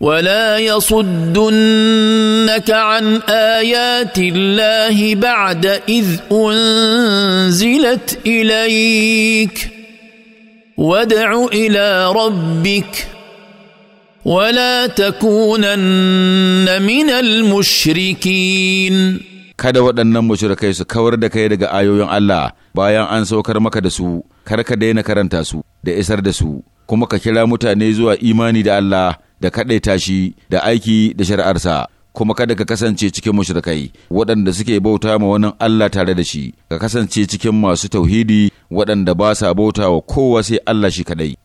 ولا يصدنك عن ايات الله بعد اذ انزلت اليك وادع الى ربك ولا تكونن من المشركين kada waɗannan mushrikai su kawar da kai daga ayoyin Allah bayan an saukar maka da su kar ka daina karanta su da isar da su kuma ka kira mutane zuwa imani da Allah da kaɗaita shi da aiki da shari'arsa kuma kada ka kasance cikin mushrikai waɗanda suke bauta ma wani Allah tare da shi ka kasance cikin masu tauhidi waɗanda ba sa bauta wa kowa sai Allah shi kaɗai.